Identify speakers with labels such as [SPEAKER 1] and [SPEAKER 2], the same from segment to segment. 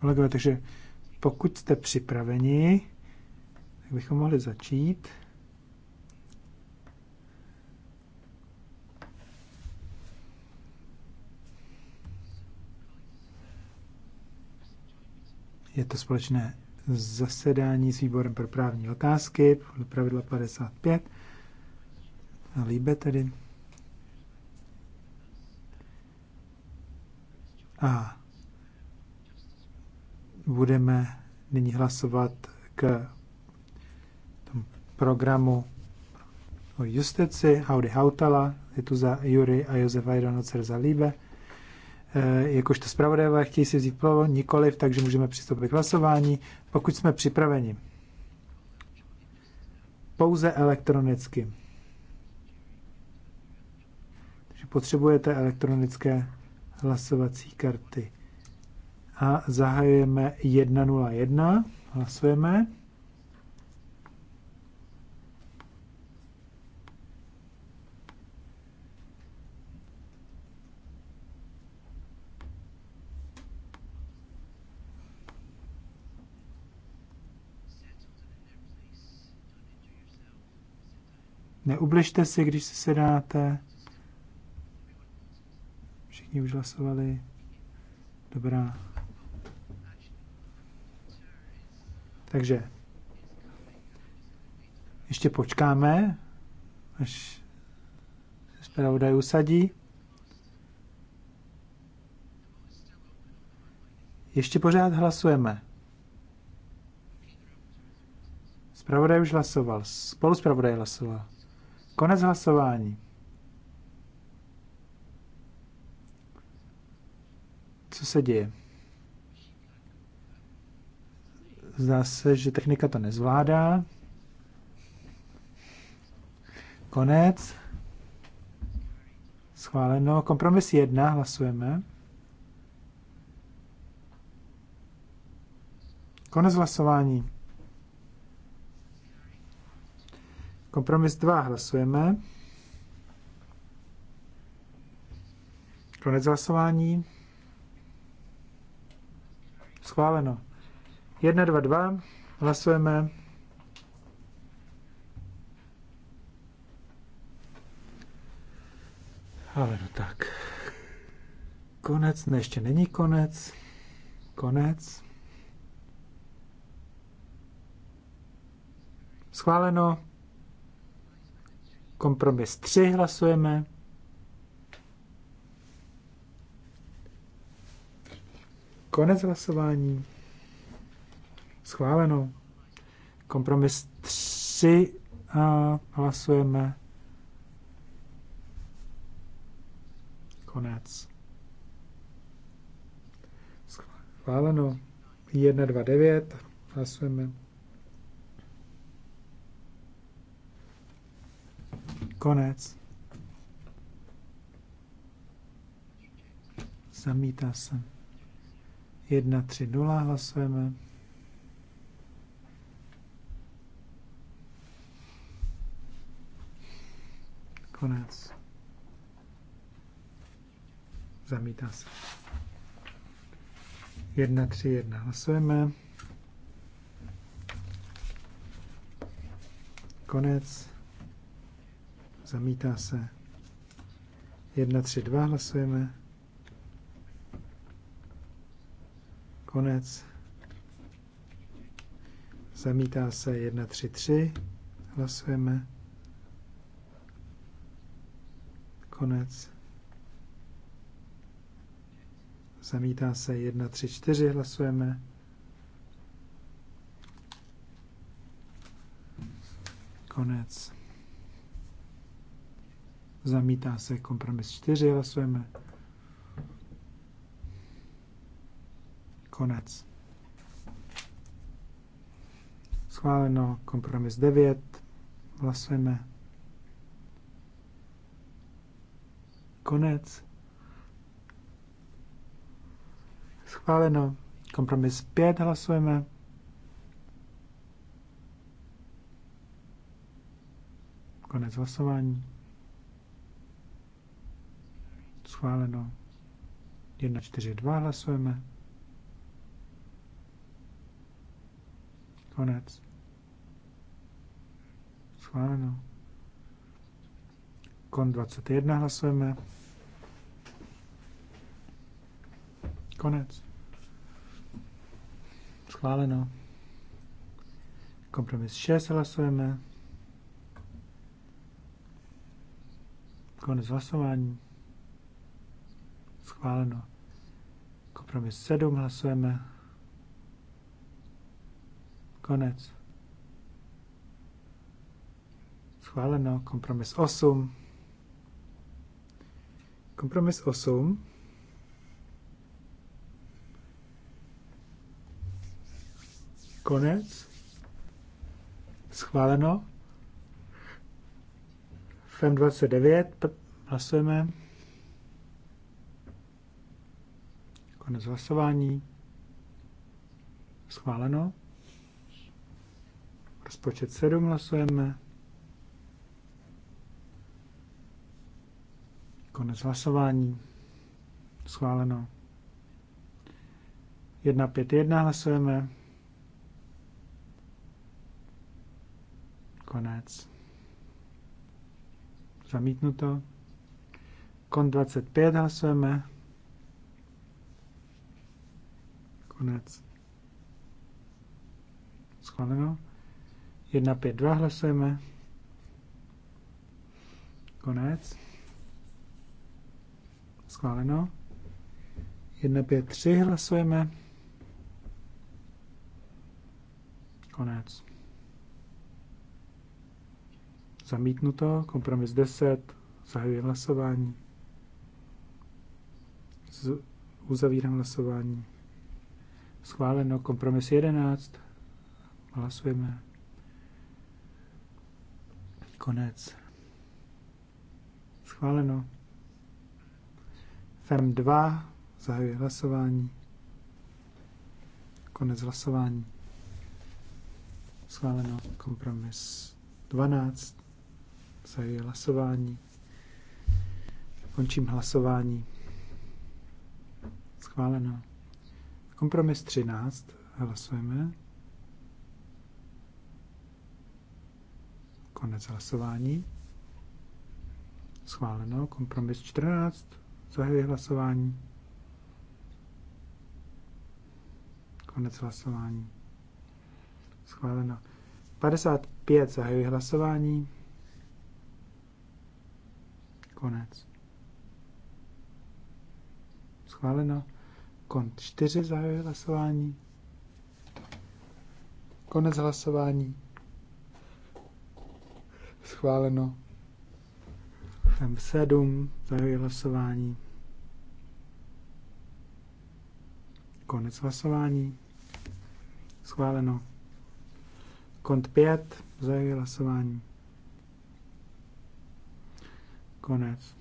[SPEAKER 1] Kolegové, takže pokud jste připraveni, tak bychom mohli začít. Je to společné zasedání s výborem pro právní otázky, pravidla 55. A líbe tedy. A budeme nyní hlasovat k tomu programu o justici. Haudy Hautala je tu za Jury a Josefa Ajdonocer za Líbe. E, jakožto zpravodajové chtějí si vzít plovo, nikoliv, takže můžeme přistoupit k hlasování, pokud jsme připraveni. Pouze elektronicky. Takže potřebujete elektronické hlasovací karty. A zahajujeme 101, hlasujeme. Neubližte si, když se sedáte. Všichni už hlasovali. Dobrá. Takže ještě počkáme, až se zpravodaj usadí. Ještě pořád hlasujeme. Spravodaj už hlasoval. Spolu spravodaj hlasoval. Konec hlasování. Co se děje? Zdá se, že technika to nezvládá. Konec. Schváleno. Kompromis 1 hlasujeme. Konec hlasování. Kompromis 2 hlasujeme. Konec hlasování. Schváleno. 1, 2, 2. Hlasujeme. Ale no tak. Konec, ne, ještě není konec. Konec. Schváleno. Kompromis 3 hlasujeme. Konec hlasování. Schváleno. Kompromis 3 a hlasujeme. Konec. Schváleno. 1, 2, 9. Hlasujeme. Konec. Zamítá se. 1, 3, 0. Hlasujeme. Konec. Zamítá se. 1, 3, 1. Hlasujeme. Konec. Zamítá se. 1, 3, 2. Hlasujeme. Konec. Zamítá se 1, 3, 3. Hlasujeme. Konec. Zamítá se 1, 3, 4, hlasujeme. Konec. Zamítá se kompromis 4, hlasujeme. Konec. Schváleno kompromis 9, hlasujeme. Konec. Schváleno. Kompromis 5 hlasujeme. Konec hlasování. Schváleno. 1, 4, 2 hlasujeme. Konec. Schváleno. Kon 21 hlasujeme. Konec. Schváleno. Kompromis 6 hlasujeme. Konec hlasování. Schváleno. Kompromis 7 hlasujeme. Konec. Schváleno. Kompromis 8. Kompromis 8. Konec. Schváleno. FEM 29. Hlasujeme. Konec hlasování. Schváleno. Rozpočet 7 hlasujeme. Konec hlasování. Schváleno. 1.5.1 hlasujeme. Konec. Zamítnuto. Kon 25 hlasujeme. Konec. Schváleno. 1.5.2 hlasujeme. Konec Schváleno. 1, 5, 3 hlasujeme. Konec. Zamítnuto. Kompromis 10. Zahajuji hlasování. Z, uzavírám hlasování. Schváleno. Kompromis 11. Hlasujeme. Konec. Schváleno. FEM 2, zahajuji hlasování. Konec hlasování. Schváleno kompromis 12, zahajuji hlasování. Končím hlasování. Schváleno. Kompromis 13, hlasujeme. Konec hlasování. Schváleno. Kompromis 14. Zahajuji hlasování. Konec hlasování. Schváleno. 55. Zahajuji hlasování. Konec. Schváleno. Kont 4. Zahajuji hlasování. Konec hlasování. Schváleno. FEM 7, zahajuji hlasování. Konec hlasování. Schváleno. Kont 5, zahajuji hlasování. Konec.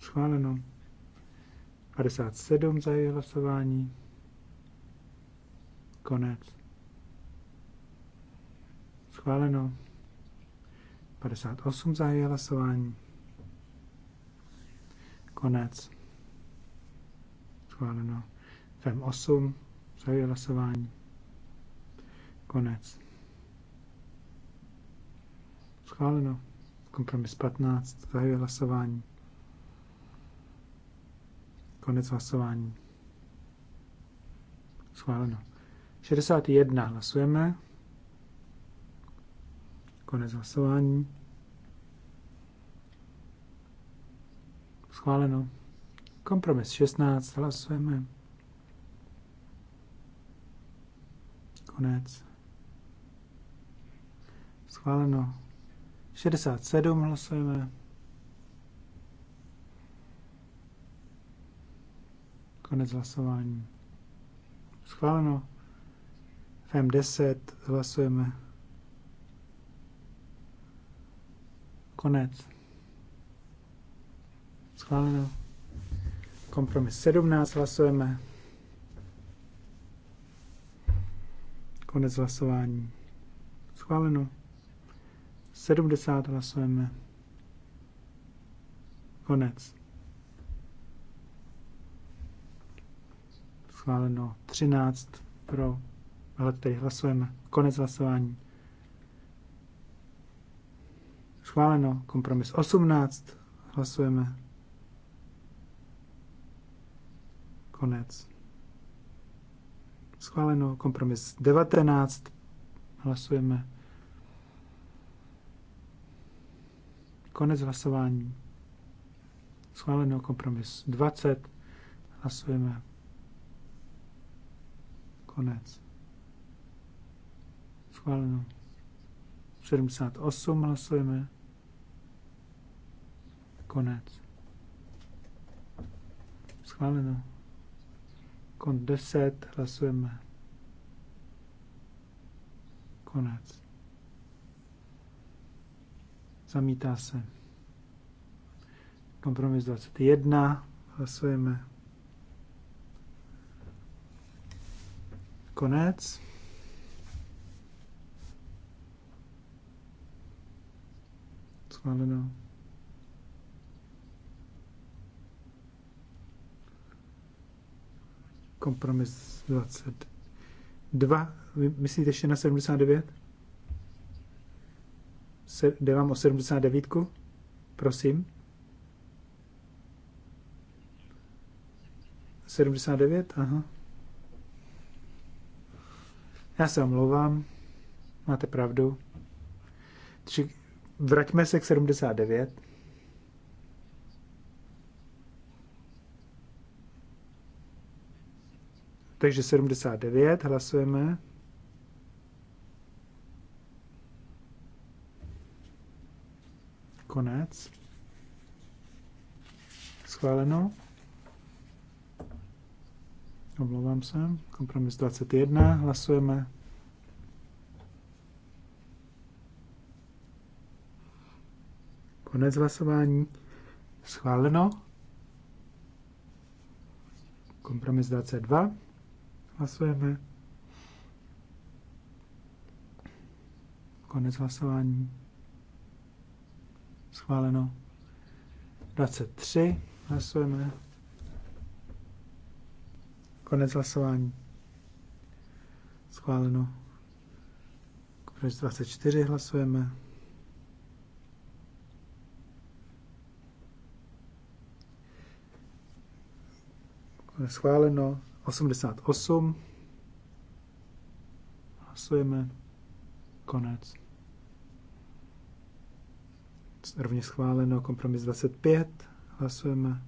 [SPEAKER 1] Schváleno. 57 zahajuji hlasování. Konec. Schváleno. 58 zahájí hlasování. Konec. Schváleno. FEM 8 zahájí hlasování. Konec. Schváleno. Kompromis 15 zahájí hlasování. Konec hlasování. Schváleno. 61 hlasujeme. Konec hlasování. Schváleno. Kompromis 16. Hlasujeme. Konec. Schváleno. 67 hlasujeme. Konec hlasování. Schváleno. FM10 hlasujeme. Konec. Schváleno. Kompromis 17 hlasujeme. Konec hlasování. Schváleno. 70 hlasujeme. Konec. Schváleno 13 pro, ale tady hlasujeme. Konec hlasování. Schváleno. Kompromis 18. Hlasujeme. Konec. Schváleno. Kompromis 19. Hlasujeme. Konec hlasování. Schváleno. Kompromis 20. Hlasujeme. Konec. Schváleno. 78 hlasujeme. Konec. Schváleno. Kont 10, hlasujeme. Konec. Zamítá se. Kompromis 21, hlasujeme. Konec. Schváleno. Kompromis 22. Vy myslíte ještě na 79? Se, jde vám o 79? Prosím. 79? Aha. Já se omlouvám. Máte pravdu. Tři, vraťme se k 79. Takže 79 hlasujeme. Konec. Schváleno. Omlouvám se. Kompromis 21. Hlasujeme. Konec hlasování. Schváleno. Kompromis 22. Hlasujeme. Konec hlasování. Schváleno. 23. Hlasujeme. Konec hlasování. Schváleno. Konec 24 hlasujeme. Schváleno. 88. Hlasujeme. Konec. Rovně schváleno. Kompromis 25. Hlasujeme.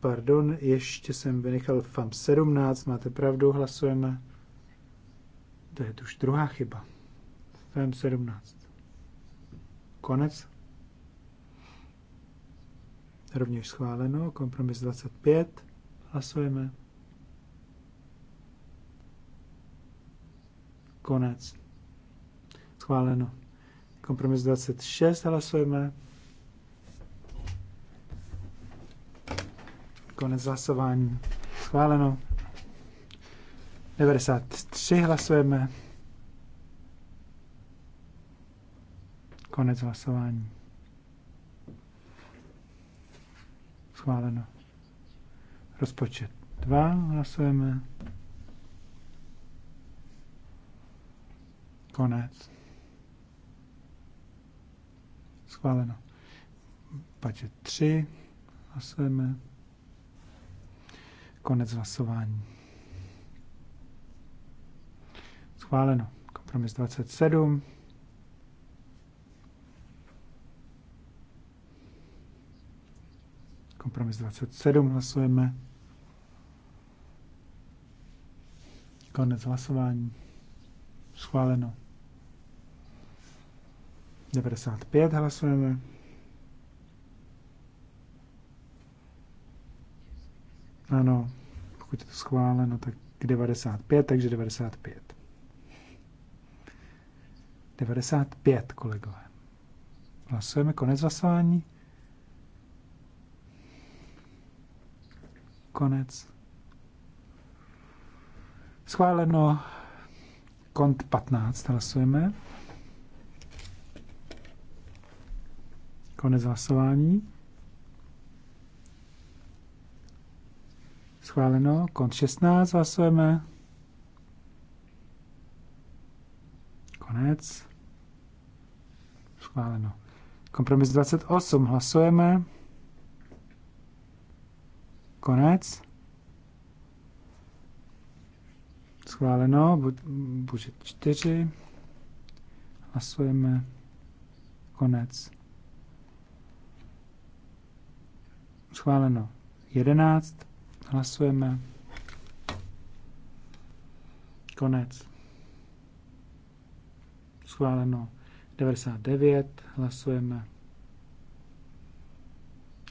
[SPEAKER 1] Pardon, ještě jsem vynechal FAM 17. Máte pravdu, hlasujeme. To je už druhá chyba. FAM 17. Konec. Rovněž schváleno. Kompromis 25. Hlasujeme. Konec. Schváleno. Kompromis 26 hlasujeme. Konec hlasování. Schváleno. 93 hlasujeme. Konec hlasování. Schváleno. Rozpočet 2 hlasujeme. Konec. Schváleno. Budget 3 hlasujeme. Konec hlasování. Schváleno. Kompromis 27. Kompromis 27 hlasujeme. Konec hlasování. Schváleno. 95 hlasujeme. Ano, pokud je to schváleno, tak 95, takže 95. 95, kolegové. Hlasujeme konec hlasování. Konec. Schváleno. Kont 15 hlasujeme. Konec hlasování. Schváleno. Kont 16 hlasujeme. Konec. Schváleno. Kompromis 28 hlasujeme. Konec. Schváleno, budžet čtyři, Hlasujeme. Konec. Schváleno jedenáct, Hlasujeme. Konec. Schváleno devět, Hlasujeme.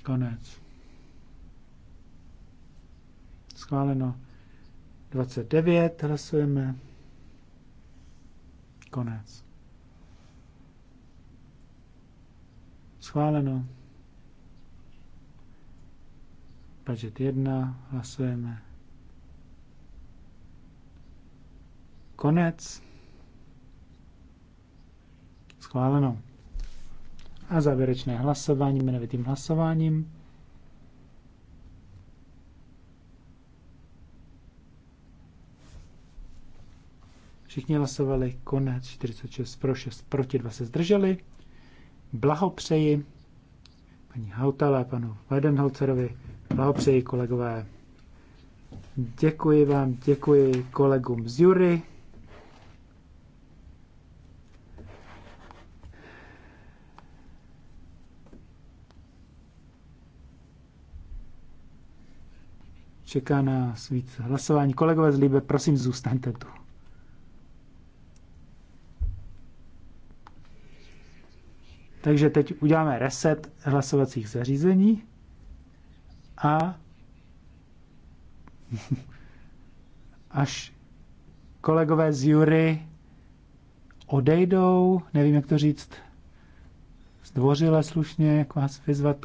[SPEAKER 1] Konec. Schváleno 29 hlasujeme. Konec. Schváleno. Budget 1 hlasujeme. Konec. Schváleno. A závěrečné hlasování jmenovitým hlasováním. Všichni hlasovali konec 46 pro 6 proti 2 se zdrželi. Blahopřeji paní Hautale, panu Weidenholzerovi, blahopřeji kolegové. Děkuji vám, děkuji kolegům z jury. Čeká nás víc hlasování. Kolegové z Líbe, prosím, zůstaňte tu. Takže teď uděláme reset hlasovacích zařízení a až kolegové z jury odejdou, nevím, jak to říct, zdvořile slušně, jak vás vyzvat